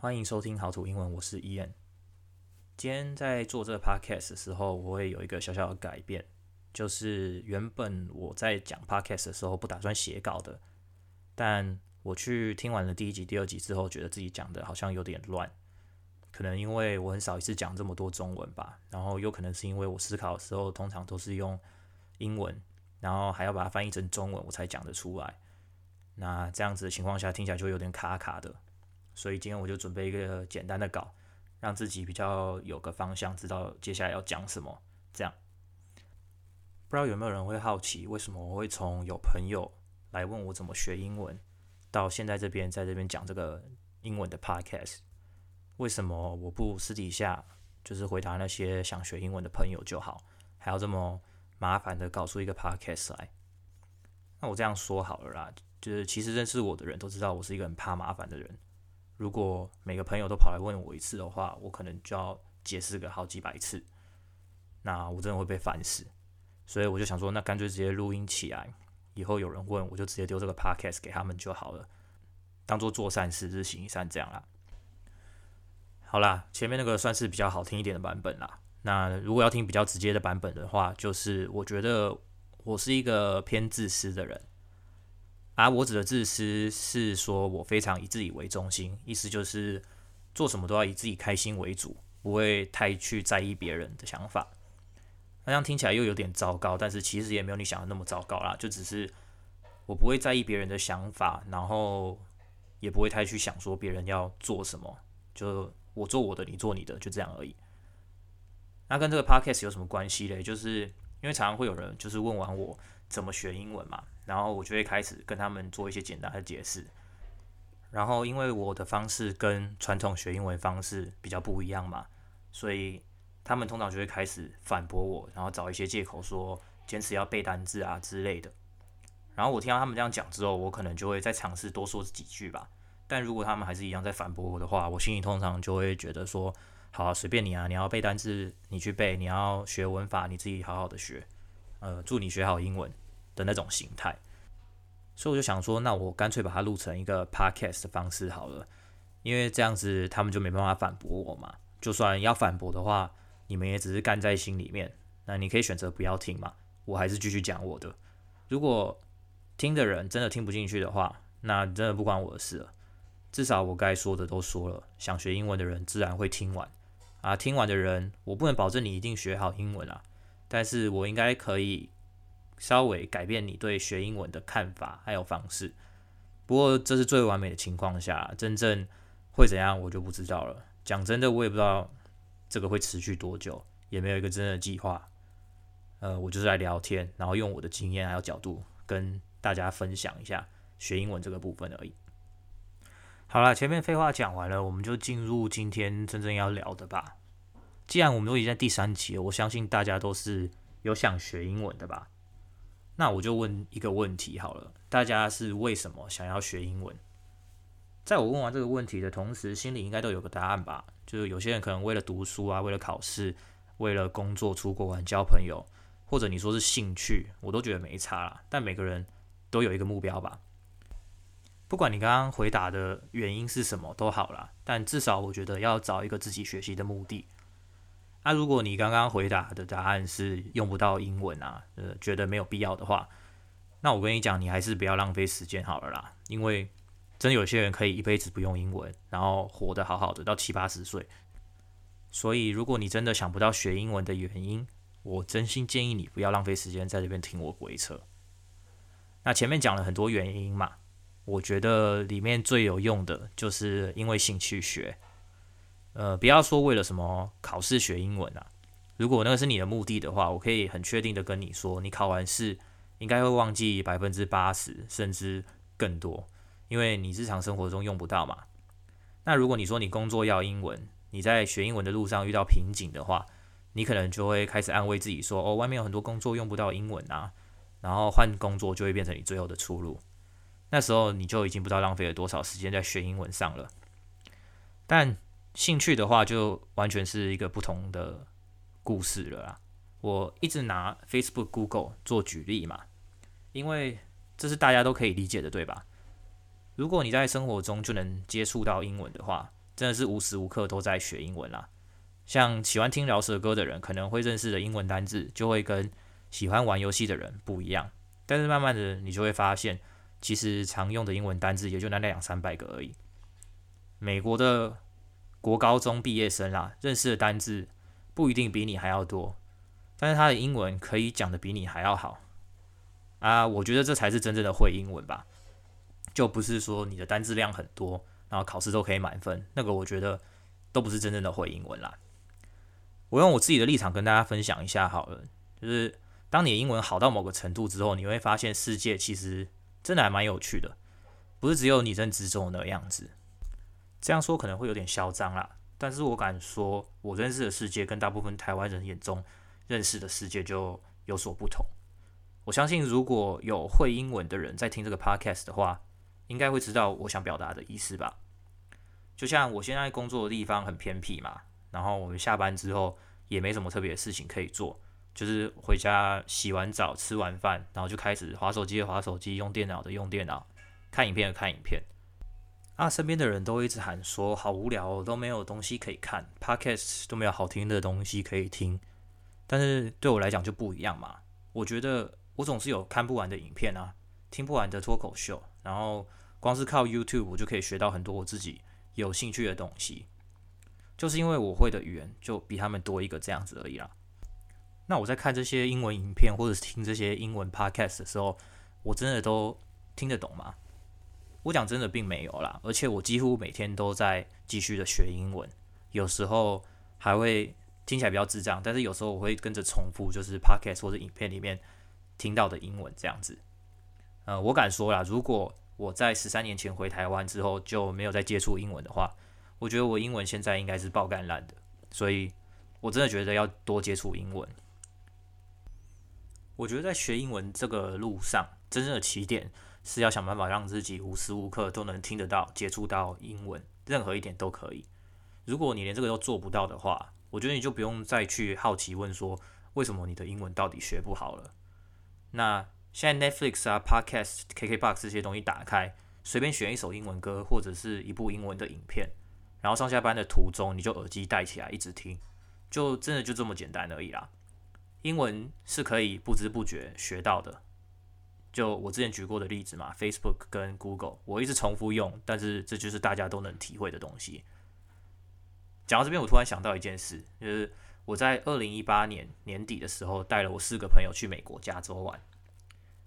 歡迎收聽好土英文，我是 Ian。今天在做這個 podcast 的時候，我會有一個小小的改變，就是原本我在講 podcast 的時候不打算寫稿的，但我去聽完了第一集、第二集之後，覺得自己講的好像有點亂，可能因為我很少一次講這麼多中文吧，然後有可能是因為我思考的時候通常都是用英文，然後還要把它翻譯成中文，我才講得出來。那這樣子的情況下，聽起來就有點卡卡的。所以今天我就準備一個簡單的稿，讓自己比較有個方向，知道接下來要講什麼。這樣，不知道有沒有人會好奇，為什麼我會從有朋友來問我怎麼學英文，到現在這邊在這邊講這個英文的 podcast？為什麼我不私底下就是回答那些想學英文的朋友就好，還要這麼麻煩的搞出一個 podcast 來？那我這樣說好了啦，就是其實認識我的人都知道，我是一個很怕麻煩的人。如果每個朋友都跑來問我一次的話，我可能就要解釋個好幾百次，那我真的會被煩死。所以我就想說，那乾脆直接錄音起來，以後有人問我就直接丟這個 podcast 給他們就好了，當做做善事、日行一善這樣啦。好啦，前面那個算是比較好聽一點的版本啦。那如果要聽比較直接的版本的話，就是我覺得我是一個偏自私的人。啊，我指的自私是說我非常以自己為中心，意思就是做什麼都要以自己開心為主，不會太去在意別人的想法。那這樣聽起來又有點糟糕，但是其實也沒有你想的那麼糟糕啦，就只是我不會在意別人的想法，然後也不會太去想說別人要做什麼，就我做我的，你做你的，就這樣而已。那跟這個 podcast 有什麼關係嘞？就是。因為常常會有人就是問完我怎麼學英文嘛，然後我就會開始跟他們做一些簡單的解釋。然後因為我的方式跟傳統學英文方式比較不一樣嘛，所以他們通常就會開始反駁我，然後找一些借口說堅持要背單字啊之類的。然後我聽到他們這樣講之後，我可能就會再嘗試多說幾句吧。但如果他們還是一樣在反駁我的話，我心裡通常就會覺得說。好啊，隨便你啊！你要背單詞，你去背；你要學文法，你自己好好的學。呃，祝你學好英文的那種心態。所以我就想說，那我乾脆把它錄成一個 podcast 的方式好了，因為這樣子他們就沒辦法反駁我嘛。就算要反駁的話，你們也只是幹在心裡面。那你可以選擇不要聽嘛，我還是繼續講我的。如果聽的人真的聽不進去的話，那真的不關我的事了。至少我該說的都說了，想學英文的人自然會聽完。啊，聽完的人，我不能保證你一定學好英文啊，但是我應該可以稍微改變你對學英文的看法還有方式。不過這是最完美的情況下，真正會怎樣我就不知道了。講真的，我也不知道這個會持續多久，也沒有一個真正的計劃。呃，我就是來聊天，然後用我的經驗還有角度跟大家分享一下學英文這個部分而已。好了，前面廢話講完了，我們就進入今天真正要聊的吧。既然我們都已經在第三集了，我相信大家都是有想學英文的吧。那我就問一個問題好了，大家是為什麼想要學英文？在我問完這個問題的同時，心裡應該都有個答案吧。就是有些人可能為了讀書啊，為了考試，為了工作、出國玩、交朋友，或者你說是興趣，我都覺得沒差啦。但每個人都有一個目標吧。不管你剛剛回答的原因是什麼都好啦。但至少我覺得要找一個自己學習的目的。那、啊、如果你剛剛回答的答案是用不到英文啊，呃，覺得沒有必要的話，那我跟你講，你還是不要浪費時間好了啦。因為真的有些人可以一輩子不用英文，然後活得好好的到七八十歲。所以如果你真的想不到學英文的原因，我真心建議你不要浪費時間在這邊聽我鬼扯。那前面講了很多原因嘛。我覺得裡面最有用的就是因為興趣學，呃，不要說為了什麼考試學英文啊。如果那個是你的目的的話，我可以很確定的跟你說，你考完試應該會忘記百分之八十甚至更多，因為你日常生活中用不到嘛。那如果你說你工作要英文，你在學英文的路上遇到瓶頸的話，你可能就會開始安慰自己說，哦，外面有很多工作用不到英文啊，然後換工作就會變成你最後的出路。那時候你就已經不知道浪費了多少時間在學英文上了。但興趣的話，就完全是一個不同的故事了啦。我一直拿 Facebook、Google 做舉例嘛，因為這是大家都可以理解的，對吧？如果你在生活中就能接觸到英文的話，真的是無時無刻都在學英文啦。像喜歡聽饒舌歌的人，可能會認識的英文單字就會跟喜歡玩遊戲的人不一樣。但是慢慢的，你就會發現。其實常用的英文單字也就那兩三百個而已。美國的國高中畢業生啦，認識的單字不一定比你還要多，但是他的英文可以講的比你還要好啊！我覺得這才是真正的會英文吧，就不是說你的單字量很多，然後考試都可以滿分，那個我覺得都不是真正的會英文啦。我用我自己的立場跟大家分享一下好了，就是當你英文好到某個程度之後，你會發現世界其實。真的還蠻有趣的，不是只有你認知中的那個樣子。這樣說可能會有點囂張啦，但是我敢說，我認識的世界跟大部分台灣人眼中認識的世界就有所不同。我相信，如果有會英文的人在聽這個 podcast 的話，應該會知道我想表達的意思吧。就像我現在工作的地方很偏僻嘛，然後我們下班之後也沒什麼特別的事情可以做。就是回家洗完澡、吃完飯，然後就開始滑手機的滑手機，用電腦的用電腦，看影片的看影片。啊，身邊的人都一直喊說好無聊哦，都沒有東西可以看，Podcast 都沒有好聽的東西可以聽。但是對我來講就不一樣嘛，我覺得我總是有看不完的影片啊，聽不完的脫口秀，然後光是靠 YouTube 我就可以學到很多我自己有興趣的東西。就是因為我會的語言就比他們多一個這樣子而已啦。那我在看這些英文影片，或者是聽這些英文 podcast 的時候，我真的都聽得懂嗎？我講真的並沒有啦，而且我幾乎每天都在繼續的學英文，有時候還會聽起來比較智障，但是有時候我會跟着重複，就是 podcast 或者影片裡面聽到的英文這樣子。呃，我敢說啦，如果我在十三年前回台灣之後就沒有再接觸英文的話，我覺得我英文現在應該是爆肝爛的，所以我真的覺得要多接觸英文。我覺得在學英文這個路上，真正的起點是要想辦法讓自己無時無刻都能聽得到、接觸到英文，任何一點都可以。如果你連這個都做不到的話，我覺得你就不用再去好奇問說為什麼你的英文到底學不好了。那現在 Netflix 啊、Podcast、KKBox 這些東西打開，隨便選一首英文歌或者是一部英文的影片，然後上下班的途中你就耳機戴起來一直聽，就真的就這麼簡單而已啦。英文是可以不知不覺學到的。就我之前舉過的例子嘛，Facebook 跟 Google，我一直重複用，但是這就是大家都能體會的東西。講到這邊，我突然想到一件事，就是我在二零一八年年底的時候，帶了我四個朋友去美國加州玩，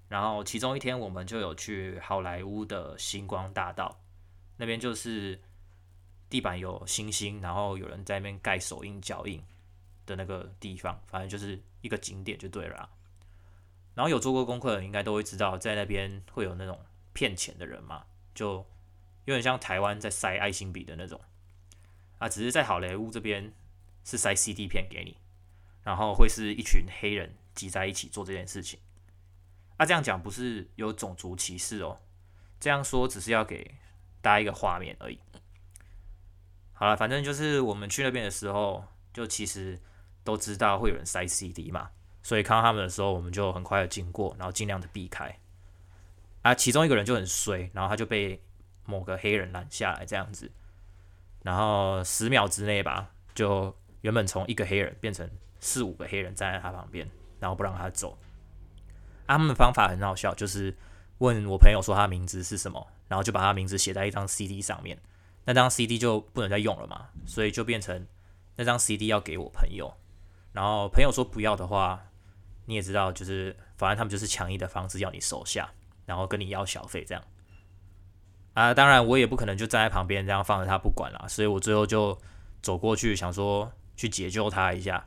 然後其中一天我們就有去好萊塢的星光大道，那邊就是地板有星星，然後有人在那邊蓋手印腳印。的那個地方，反正就是一個景點就對了啊。然後有做過功課的人應該都會知道，在那邊會有那種騙錢的人嘛，就有點像台灣在塞愛心筆的那種啊。只是在好萊塢這邊是塞 CD 片給你，然後會是一群黑人擠在一起做這件事情。啊，這樣講不是有種族歧視哦，這樣說只是要給大家一個畫面而已。好了，反正就是我們去那邊的時候，就其實。都知道會有人塞 CD 嘛，所以看到他們的時候，我們就很快的經過，然後盡量的避開。啊，其中一個人就很衰，然後他就被某個黑人攔下來，這樣子，然後十秒之內吧，就原本從一個黑人變成四五個黑人站在他旁邊，然後不讓他走。啊，他們的方法很好笑，就是問我朋友說他名字是什麼，然後就把他名字寫在一張 CD 上面，那張 CD 就不能再用了嘛，所以就變成那張 CD 要給我朋友。然後朋友說不要的話，你也知道，就是反正他們就是強硬的方式要你收下，然後跟你要小費這樣。啊，當然我也不可能就站在旁邊這樣放着他不管啦，所以我最後就走過去想說去解救他一下。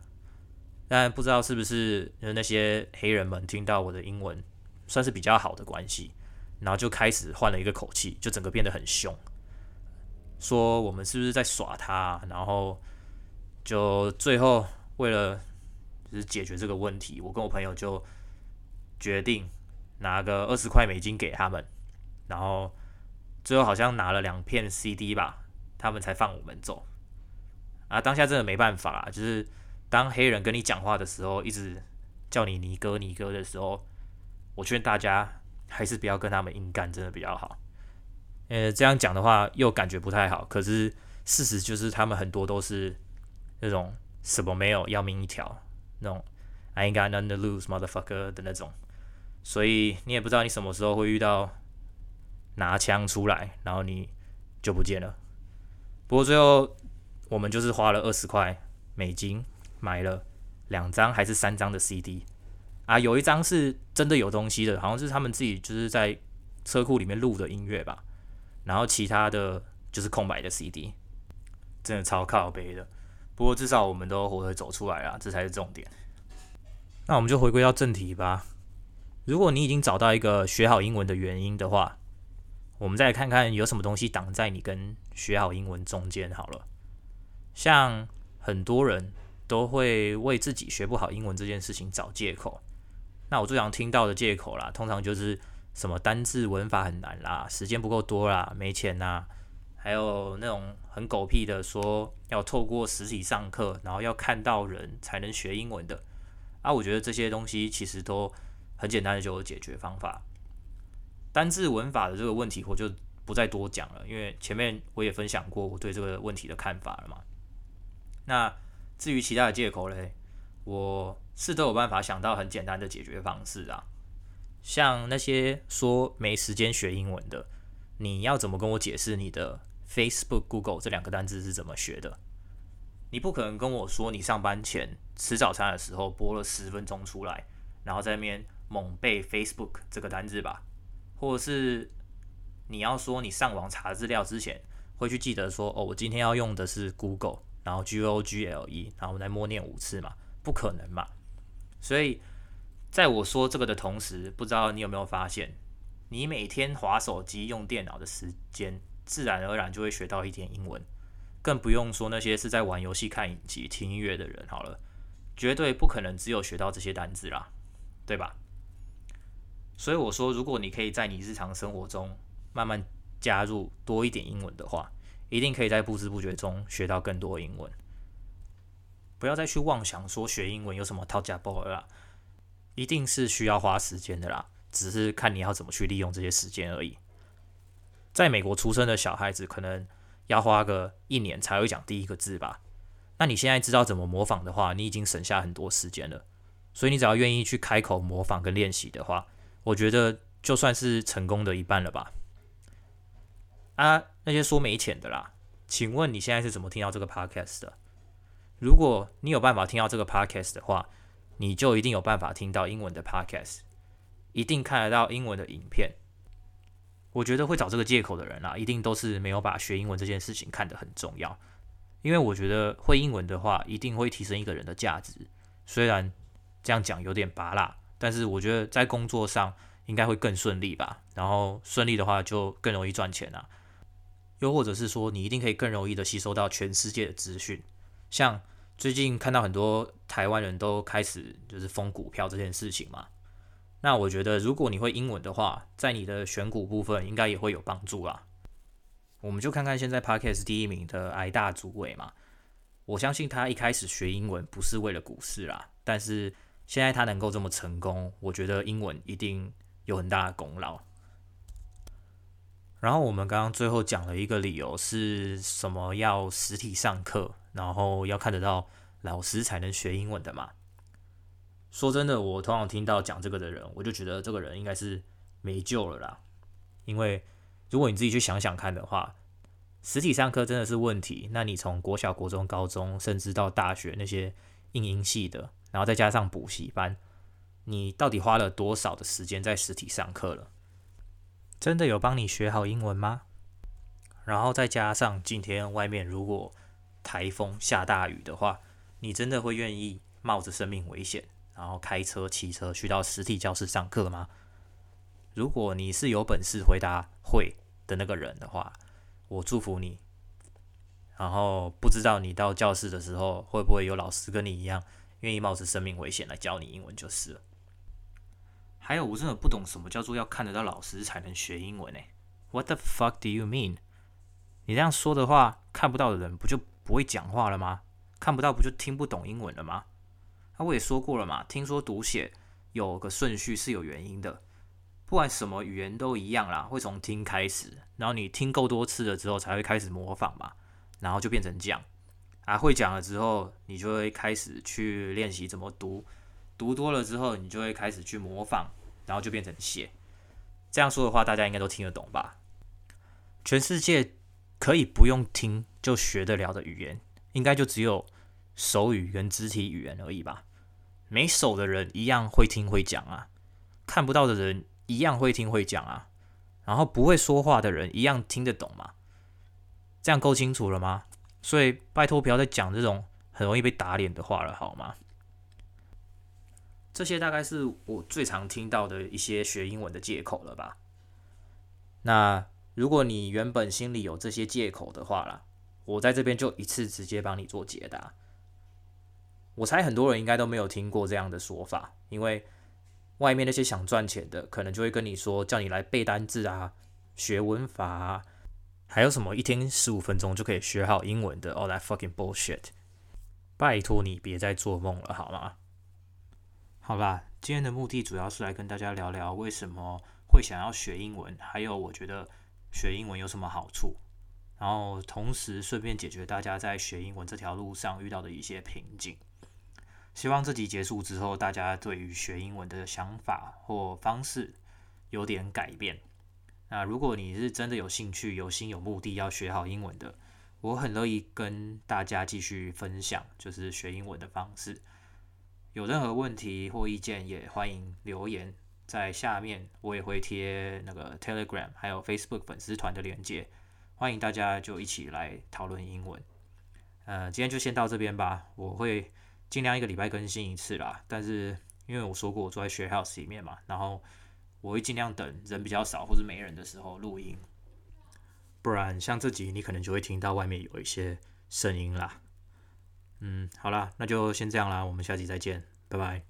但不知道是不是那些黑人們聽到我的英文算是比較好的關係，然後就開始換了一個口氣，就整個變得很兇，說我們是不是在耍他啊？然後就最後。為了就是解決這個問題，我跟我朋友就決定拿個二十塊美金給他們，然後最後好像拿了兩片 CD 吧，他們才放我們走。啊，當下真的沒辦法啦，就是當黑人跟你講話的時候，一直叫你尼哥尼哥的時候，我勸大家還是不要跟他們硬幹，真的比較好。呃，這樣講的話又感覺不太好，可是事實就是他們很多都是那種。什麼沒有，要命一條那種，I ain't got nothing to lose motherfucker 的那種，所以你也不知道你什麼時候會遇到拿槍出來，然後你就不見了。不過最後我們就是花了二十塊美金買了兩張還是三張的 CD 啊，有一張是真的有東西的，好像是他們自己就是在車庫裡面錄的音樂吧，然後其他的就是空白的 CD，真的超靠北的。不過至少我們都活着走出來啦，這才是重點。那我們就回歸到正題吧。如果你已經找到一個學好英文的原因的話，我們再來看看有什麼東西擋在你跟學好英文中間好了。像很多人都會為自己學不好英文這件事情找借口，那我最常聽到的借口啦，通常就是什麼單字文法很難啦，時間不夠多啦，沒錢啦。還有那種很狗屁的說要透過實體上課，然後要看到人才能學英文的啊，我覺得這些東西其實都很簡單的就有解決方法。單字文法的這個問題我就不再多講了，因為前面我也分享過我對這個問題的看法了嘛。那至於其他的借口嘞，我是都有辦法想到很簡單的解決方式啊。像那些說沒時間學英文的，你要怎麼跟我解釋你的？Facebook、Google 這兩個單字是怎麼學的？你不可能跟我說，你上班前吃早餐的時候播了十分鐘出來，然後在那邊猛背 Facebook 這個單字吧？或者是你要說你上網查資料之前會去記得說哦，我今天要用的是 Google，然後 GO, G O G L E，然後我來默念五次嘛？不可能嘛！所以在我說這個的同時，不知道你有沒有發現，你每天滑手機、用電腦的時間。自然而然就會學到一點英文，更不用說那些是在玩遊戲、看影集、聽音樂的人。好了，絕對不可能只有學到這些單詞啦，對吧？所以我說，如果你可以在你日常生活中慢慢加入多一點英文的話，一定可以在不知不覺中學到更多英文。不要再去妄想說學英文有什麼套夾包啦，一定是需要花時間的啦，只是看你要怎麼去利用這些時間而已。在美國出生的小孩子，可能要花個一年才會講第一個字吧。那你現在知道怎麼模仿的話，你已經省下很多時間了。所以你只要願意去開口模仿跟練習的話，我覺得就算是成功的一半了吧。啊，那些說沒錢的啦，請問你現在是怎麼聽到這個 podcast 的？如果你有辦法聽到這個 podcast 的話，你就一定有辦法聽到英文的 podcast，一定看得到英文的影片。我覺得會找這個借口的人啊，一定都是沒有把學英文這件事情看得很重要。因為我覺得會英文的話，一定會提升一個人的價值。雖然這樣講有點拔辣，但是我覺得在工作上應該會更順利吧。然後順利的話，就更容易賺錢啊。又或者是說，你一定可以更容易的吸收到全世界的資訊。像最近看到很多台灣人都開始就是封股票這件事情嘛。那我覺得，如果你會英文的話，在你的選股部分應該也會有幫助啦。我們就看看現在 podcast 第一名的矮大主委嘛。我相信他一開始學英文不是為了股市啦，但是現在他能夠這麼成功，我覺得英文一定有很大的功勞。然後我們剛剛最後講了一個理由是什麼？要實體上課，然後要看得到老師才能學英文的嘛。說真的，我通常聽到講這個的人，我就覺得這個人應該是沒救了啦。因為如果你自己去想想看的話，實體上課真的是問題。那你從國小、國中、高中，甚至到大學那些應英系的，然後再加上補習班，你到底花了多少的時間在實體上課了？真的有幫你學好英文嗎？然後再加上今天外面如果台風下大雨的話，你真的會願意冒着生命危險？然後開車、騎車去到實體教室上課嗎？如果你是有本事回答會的那個人的話，我祝福你。然後不知道你到教室的時候會不會有老師跟你一樣願意冒着生命危險來教你英文就是了。還有我真的不懂什麼叫做要看得到老師才能學英文呢。What the fuck do you mean？你這樣說的話，看不到的人不就不會講話了嗎？看不到不就聽不懂英文了嗎？啊，我也說過了嘛，聽說讀寫有個順序是有原因的，不管什麼語言都一樣啦，會從聽開始，然後你聽夠多次了之後才會開始模仿嘛，然後就變成講，啊，會講了之後你就會開始去練習怎麼讀，讀多了之後你就會開始去模仿，然後就變成寫。這樣說的話，大家應該都聽得懂吧？全世界可以不用聽就學得了的語言，應該就只有。手語跟肢體語言而已吧，沒手的人一樣會聽會講啊，看不到的人一樣會聽會講啊，然後不會說話的人一樣聽得懂嗎？這樣夠清楚了嗎？所以拜託不要再講這種很容易被打臉的話了，好嗎？這些大概是我最常聽到的一些學英文的借口了吧。那如果你原本心裡有這些借口的話啦，我在這邊就一次直接幫你做解答。我猜很多人應該都沒有聽過這樣的說法，因為外面那些想賺錢的，可能就會跟你說，叫你來背單字啊，學文法啊，還有什麼一天十五分鐘就可以學好英文的，all that fucking bullshit！拜托你別再做夢了，好嗎？好吧，今天的目的主要是來跟大家聊聊為什麼會想要學英文，還有我覺得學英文有什麼好處。然後同時順便解決大家在學英文這條路上遇到的一些瓶頸。希望這集結束之後，大家對於學英文的想法或方式有點改變。那如果你是真的有興趣、有心、有目的要學好英文的，我很樂意跟大家繼續分享，就是學英文的方式。有任何問題或意見，也歡迎留言在下面。我也會貼那個 Telegram 還有 Facebook 粉絲團的鏈接。歡迎大家就一起來討論英文，呃，今天就先到這邊吧。我會盡量一個禮拜更新一次啦，但是因為我說過我住在學 house 裡面嘛，然後我會盡量等人比較少或者沒人的時候錄音，不然像這集你可能就會聽到外面有一些聲音啦。嗯，好啦，那就先這樣啦，我們下集再見，拜拜。